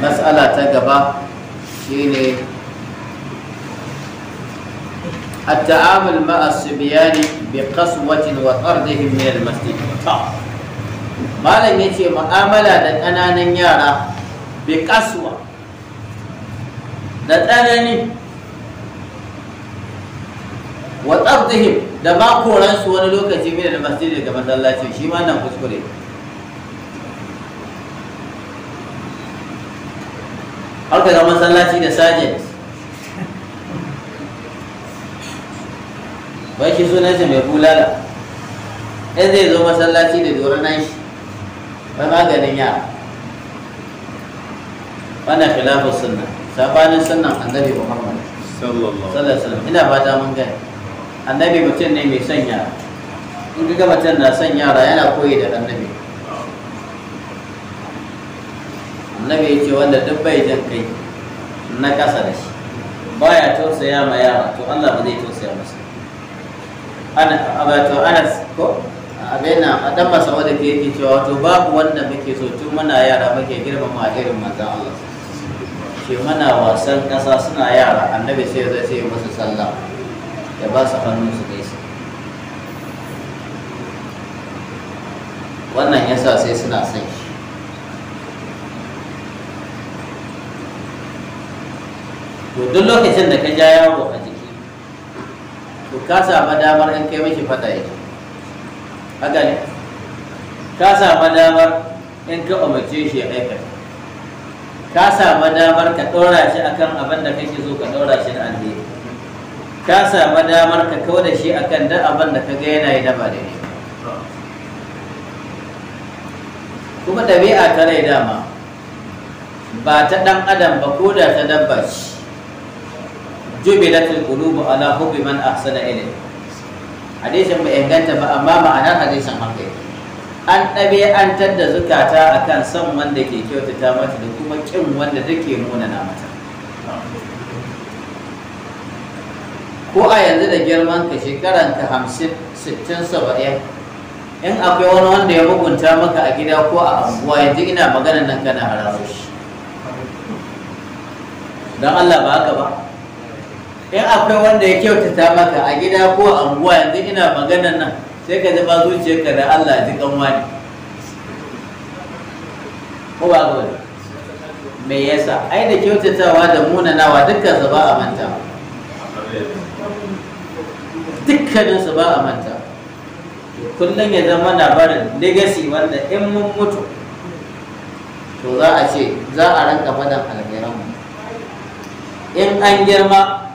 matsala ta gaba shine التعامل مع الصبيان بقسوة وطردهم من المسجد malam yace mu'amala da ƙananan yara bi kasuwa da tsanani wa tsabdihim da makoransu wani lokaci mai da masjid daga masallaci shi ma nan kuskure har ka zama masallaci da sajin baki sunan shi mai kulala in zai zo masallaci da doron nan shi ba maganin yara wannan khilafin sunna sabanin sunan annabi muhammad sallallahu alaihi wasallam ina fata mun gani annabi mutum ne mai son yara in ga mutum na son yara yana koyi da annabi annabi yake ce wanda duk bai jin kai na kasa da shi baya tausaya ma yara to Allah ba zai tausaya masa ana wato anas ko abin a dan masa wanda ke yake cewa to babu wanda muke so tun muna yara muke girmama irin manzon Allah ke mana wasan kasa suna yara annabi sai zai sai musu sallah ya ba su hannu su gaisa wannan yasa sai suna sai to duk lokacin da ka ja yawo a jiki to ka samu damar in kai mashi fata yake haka ne ka samu damar in ka umarce shi ya aikata ka samu damar ka ɗora shi akan abin da kake so ka ɗora shi na alheri ka samu damar ka kawo da shi akan duk abin da ka ga yana yi daba da ne kuma ɗabi'a ta rai dama ba ta ɗan adam ba ko da ta dabba ce jubilatul qulubu ala hubbi man ahsana ilayhi hadisi ba inganta ba amma ma'anar hadisin haka an an tadda zukata akan son wanda ke kyautata mata da kuma kin wanda take munana mata ko a yanzu da girman ka shekaran ka hamsin sittin 70 in akwai wani wanda ya mugunta maka a gida ko a anguwa yanzu ina maganar nan kana hararo shi don allah ba haka ba in akwai wanda ya kyautata maka a gida ko a unguwa yanzu ina maganan nan sai ka zama zuciyarka da Allah ji kanwa ne ko ba ga me yasa ai da kyautatawa da munanawa dukkan su ba a manta dukkanin su ba a manta kullum ya zama na barin legacy wanda in mun mutu to za a ce za a ranka fadan alheranmu in an girma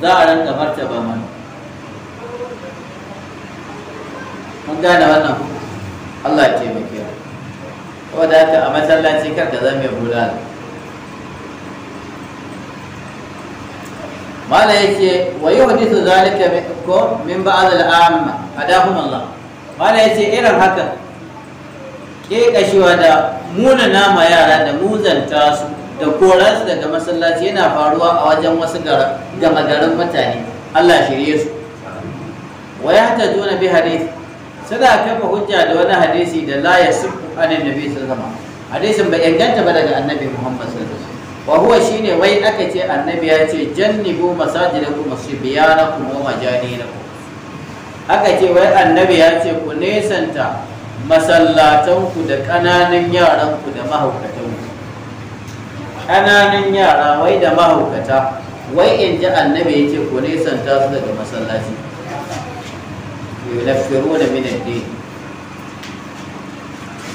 za a ranka martaba mana mun gane wannan Allah ce taimake mu da haka a masallaci kar ka zama bulala mala yake wa su zalika ko min ba azal amma adahum Allah mala yake irin haka ke kashewa da muna nama yara da muzanta su da koransu daga masallaci yana faruwa a wajen wasu gama garin mutane Allah shirye su wa ya ta dona bi hadisi suna kafa hujja da wani hadisi da la ya sifu anin nabi zama. hadisin bai inganta ba daga annabi Muhammad sallallahu alaihi wa huwa shine wai aka ce annabi ya ce jannibu masajidakum wasbiyanakum wa majaninakum aka ce wai annabi ya ce ku nesanta masallatanku da ƙananan yaranku da mahaukatanku ƙananan yara wai da mahaukata wai in ji annabi ya ce ko ta su daga masallaci yau da min addini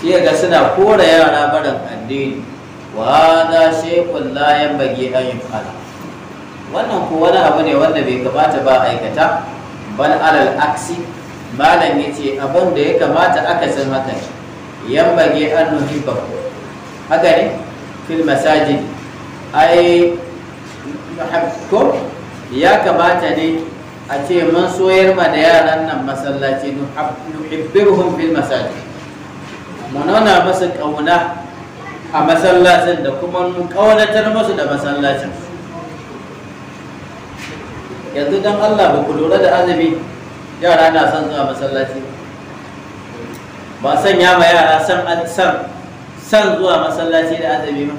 sai ga suna kora yara barin addini wa shi shekul yan yanbaghi an yi yufala wannan ko wani abu ne wanda bai kamata ba aikata bal alal aksi malam ce, abin da ya kamata aka san haka yanbaghi an nuhibba haka ne fil masajid ai ya kamata ne a ce mun soyar ma da yaran nan masallaci nuhibbuhum fil masajid mu nuna musu kauna a masallacin da kuma musu da masallacin yanzu don Allah ba ku lura da azumi yara na son zuwa masallaci ba sanya ma yara san an san san zuwa masallaci da azumi ba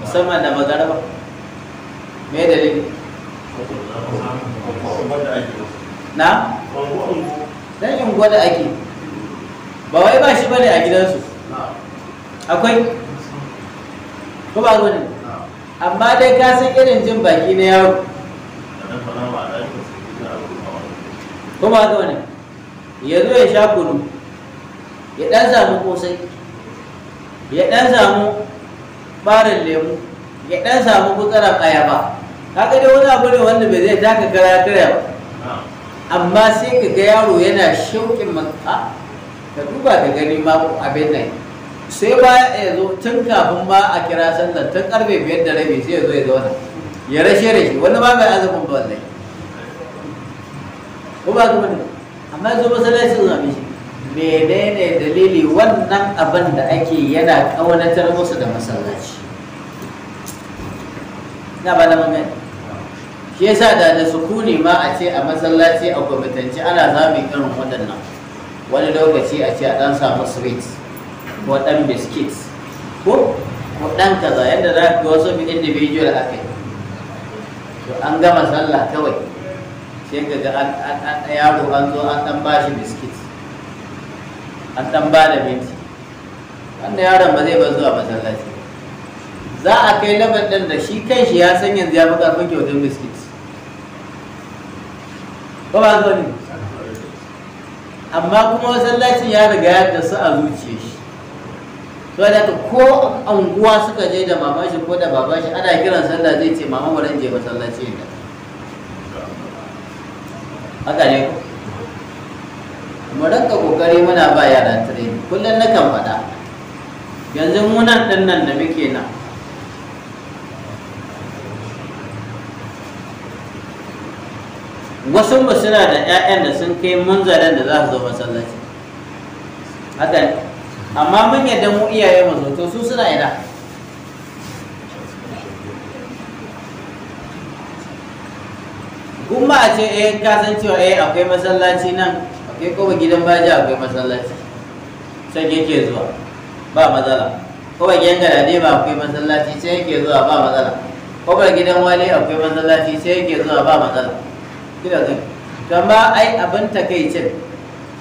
musamman da magarba me dalili na dan yin gwada ake ba wai ba shi bane a gidansu akwai ko ba gwada amma dai ka san irin jin baki na yaro ko ba gwada ya zo ya sha kunu ya dan samu kosai ya ɗan samu ɓarin lemu ya ɗan samu gutsarar ayaba kaga dai wani abu ne wanda bai zai taka kara kara ba amma sai ka ga yaro yana shauƙin maka ka duba ka gani ma abin nan sai ba ya zo tun kafin ba a kira sallar tun karfe biyar da rabi sai ya zo ya zauna ya rashe rashe wani ba mai azumin ba wallahi ko ba ka bane amma ya zo masallaci zama shi menene dalili wannan abin da ake yana ƙaunatar musu da masallaci na ba na mamaye shi yasa da da sukuni ma a ce a masallaci a gwamnatanci ana zamin irin waɗannan wani lokaci a ce a ɗan samu sweet ko ɗan biskit ko ko ɗan kaza yadda za ka wasu individual a kai to an gama sallah kawai sai ka ga yaro an zo an ɗan bashi biskit an ɗan ba da minti Wanda yaron ba zai ba zuwa masallaci za a kai labar ɗin da shi kan shi ya san yanzu ya fi ƙarfin kyautar biskit ba ba zo ne amma kuma masallacin ya riga da su a zuciya shi to da ko anguwa suka je da mama shi ko da baba shi ana kiran sallah zai ce mama mu je masallaci ne haka ne ko mu rinka kokari muna ba yara training kullum na kan faɗa yanzu muna ɗin nan da muke nan wasu ba suna da 'ya'yan da sun kai munzalin da za su zo masallaci haka ne amma mun yadda mu iyaye mu to su suna ina kuma a ce eh kasancewa eh akwai masallaci nan ke kuma gidan baji akwai masallaci sai yake zuwa ba matsala kawai gangara ne ba akwai masallaci sai yake zuwa ba matsala kawai gidan wale akwai masallaci sai yake zuwa ba matsala kila zai don ba ai abin ce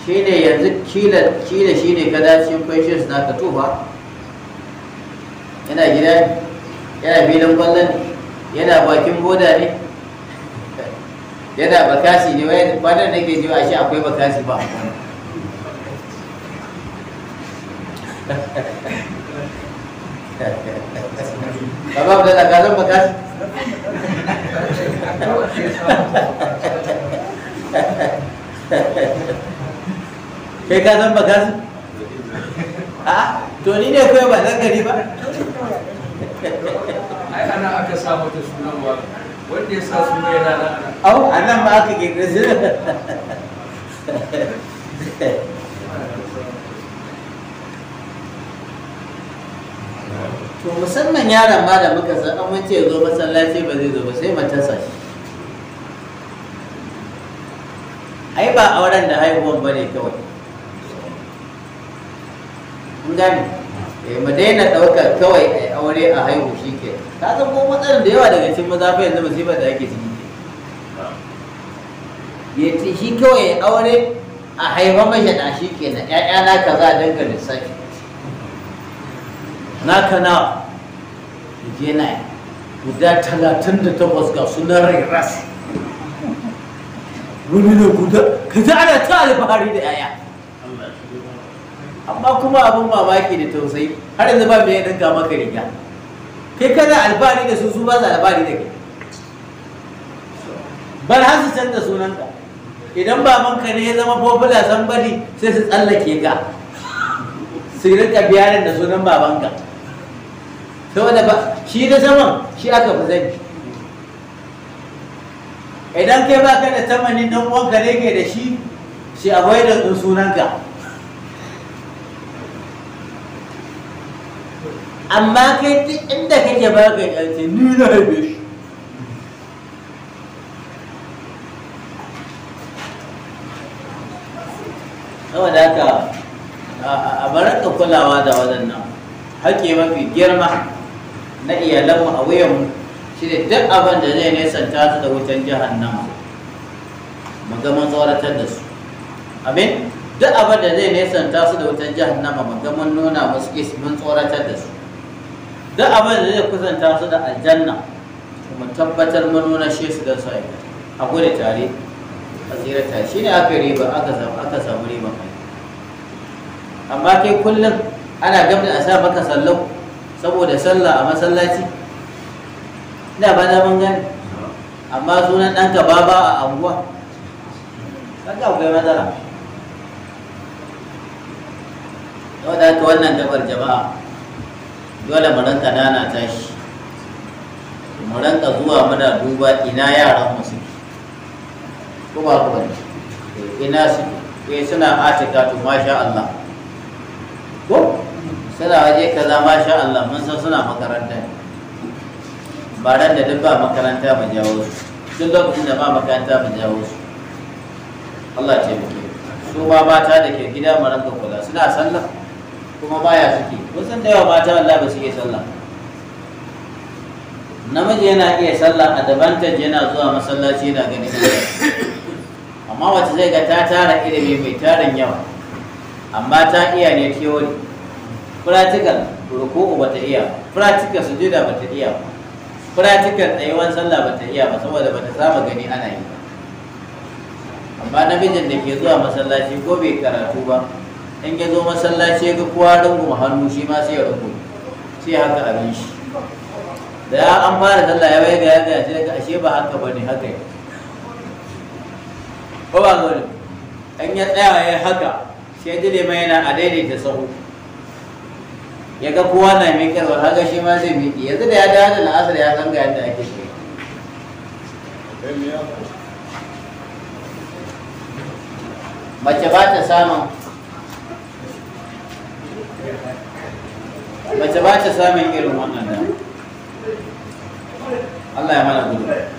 shi ne yanzu kila kila shi ne ka dace questions na ka tuba yana gida yana filin kwallon yana bakin boda ne yana bakasi ne wai kwanan da ke ji a shi akwai bakasi ba Baba da tsakanin bakasi? Kai ka san bakasi? A, to ni ne kawai ba zan gari ba? Ai, ana aka samu ta sunan wanda ya sa suna yana au anan ba aka kirkiri su to musamman yaron ma da muka san an wance ya zo masallaci ba zai zo ba sai mace sa shi ai ba auren da haihuwan ba ne kawai kun gane eh mu daina ɗaukar kawai aure a haihu shi ke Ta san ko matsalar da yawa daga cikin maza fa yanzu musibar da ake ciki ya ci shi kawai ya aure a haifa mashi da shi na ƴaƴa na kaza danga lissafi naka na je na guda talatin da takwas ga sunan rai ras wani da guda ka ji ana ta alfahari da ƴaƴa amma kuma abin mamaki da tausayi har yanzu ba mai dinka maka riga kai kana alfahari da su su ba su alfahari da kai bar har su canza sunanka idan babanka ne ya zama popular bari sai su tsallake ka su yi rika biyanin da sunan babanka saboda ba shi da saman shi aka fi zani idan kai ka da tamani dan uwanka ne ke da shi shi akwai da sunanka amma kai duk inda kake baka yanci ni na haife shi haƙƙi mafi girma na iyalanmu a wuyanmu shi ne duk abin da zai nesanta su da wutan jahannama mu ga mun tsoratar da su amin duk abin da zai nesanta su da wutan jahannama mu ga mun nuna musu isi mun tsoratar da su duk abin da zai kusanta su da aljanna mu tabbatar mun nuna shi su don su a gudu tare a tsira tare shi ne aka riba aka samu riba amma kai kullum ana gab a sa maka sallau saboda sallah a masallaci ina ba da mun gani amma sunan ɗanka baba a anguwa kaga akwai matsala da haka wannan gabar jama'a dole mu ranka nana tashi mu ranka zuwa muna duba ina yaran mu suke ko ba ku bane eh, ina suke eh suna atika to masha Allah ko suna waje kaza masha Allah mun san suna makaranta ba nan da duk ba makaranta mu jawo su duk lokacin da ba makaranta mu jawo su Allah ce mu su ma mata da ke gida mu ranka kula suna sallah kuma baya suke kusan da yawa mata Allah ba suke sallah namiji yana iya sallah a advantage yana zuwa masallaci yana ganin amma wacce zai ga ta tara ilimi mai tarin yawa amma ta iya ne theory practical ruku'u bata iya practical sujuda bata iya practical tsayuwan sallah bata iya ba saboda bata saba gani ana yi ba amma namijin da ke zuwa masallaci ko bai karatu ba in ya zo masallaci ga kowa rungu hannu shi ma sai ya rungu sai haka abin shi da ya an fara sallah ya bai ga ya ga sai ashe ba haka bane haka yi ko ba ne, in ya tsaya ya haka sai ya ji mai yana a daidaita sahu ya ga kowa na mai miƙarwa haka shi ma zai miƙi yanzu da ya dawo da la'asar ya san ga yadda ake shi mace ba ta samun mace ba ta samun irin wannan da Allah ya mana gudu